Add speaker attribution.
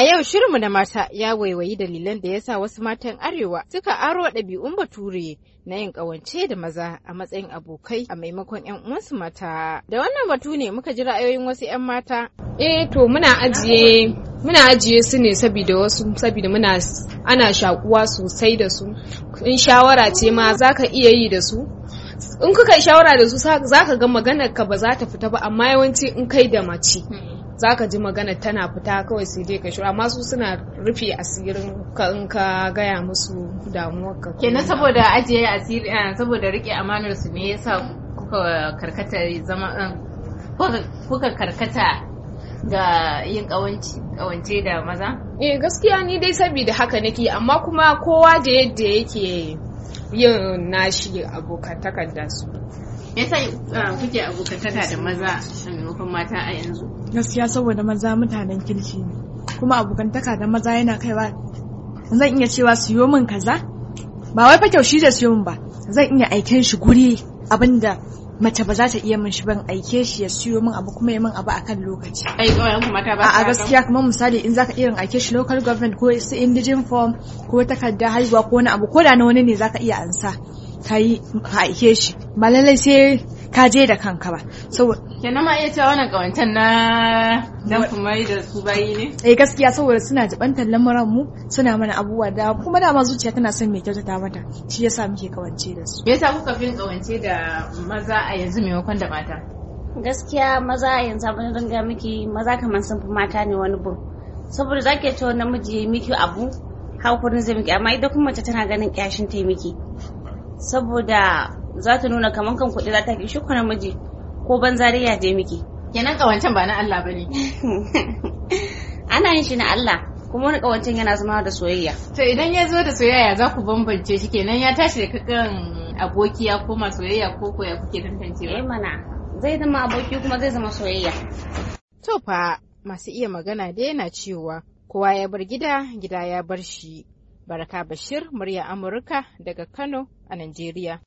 Speaker 1: A yau shirinmu na mata ya waiwayi dalilan da ya sa wasu matan Arewa suka aro ɗabi'un Bature na yin ƙawance da maza a matsayin abokai a maimakon 'yan uwansu mata. Da wannan batu ne muka ji ra'ayoyin wasu 'yan mata. E, to muna ajiye muna ajiye su ne saboda wasu saboda muna ana shakuwa sosai da su in shawara ce ma za ka iya yi da su in kuka shawara da su za ka ga maganar ka ba za ta fita ba amma yawanci in kai da mace hmm. zaka ji magana tana fita kawai sai dai ka shi amma su suna rufe asirin ka in ka gaya musu damuwar ka kenan saboda
Speaker 2: ajiye asiri eh, saboda rike amanar su me yasa kuka karkata zama eh, kuka karkata ga yin kawance da
Speaker 1: maza eh gaskiya ni dai saboda haka nake amma kuma kowa da yadda yake yin nashi abokantakar da su
Speaker 2: Ya sai ah, kuke abokantaka da maza a maimakon mata a yanzu
Speaker 3: gaskiya saboda maza mutanen kirki ne kuma abokantaka da maza yana kaiwa zan iya cewa siyo min kaza ba wai fa kyaushi da siyo min ba zan iya aiken shi guri abinda mace ba za ta iya min shi ban aike shi ya siyo min abu kuma ya min abu akan lokaci. Ai ƙauyen kuma ta ba A gaskiya kamar misali in zaka irin aike shi local government ko su indigenous form ko takarda haihuwa ko wani abu ko da na wani ne zaka iya ansa ka yi aike shi. Ba lallai sai ka je da kanka ba saboda
Speaker 2: ma iya cewa wannan kawancan na dan kumai da su bayi ne
Speaker 3: eh gaskiya saboda suna jibantar lamuran mu suna mana abubuwa da kuma dama zuciya tana son mai kyautata mata shi yasa muke kawance da su
Speaker 2: me yasa kuka fi kawance da maza a yanzu maimakon da mata gaskiya maza a yanzu abin da miki maza kamar sun fi mata ne wani bu. saboda zaki ce namiji yayi miki abu haukurin zai miki amma idan kuma mace tana ganin kyashin ta miki saboda za ta nuna kaman kan kuɗi za ta ki shi miji ko banza dai ya je miki kenan ƙawancen ba na Allah bane ana yin shi na Allah kuma wani ƙawancen yana zama da soyayya to idan ya zo da soyayya za ku bambance shi kenan ya tashi da kakan abokiya ko ma soyayya ko ko ya kuke tantancewa eh mana zai zama aboki kuma zai zama soyayya to fa masu iya magana dai
Speaker 1: yana cewa kowa ya bar gida gida ya bar shi Baraka Bashir, murya Amurka daga Kano a Najeriya.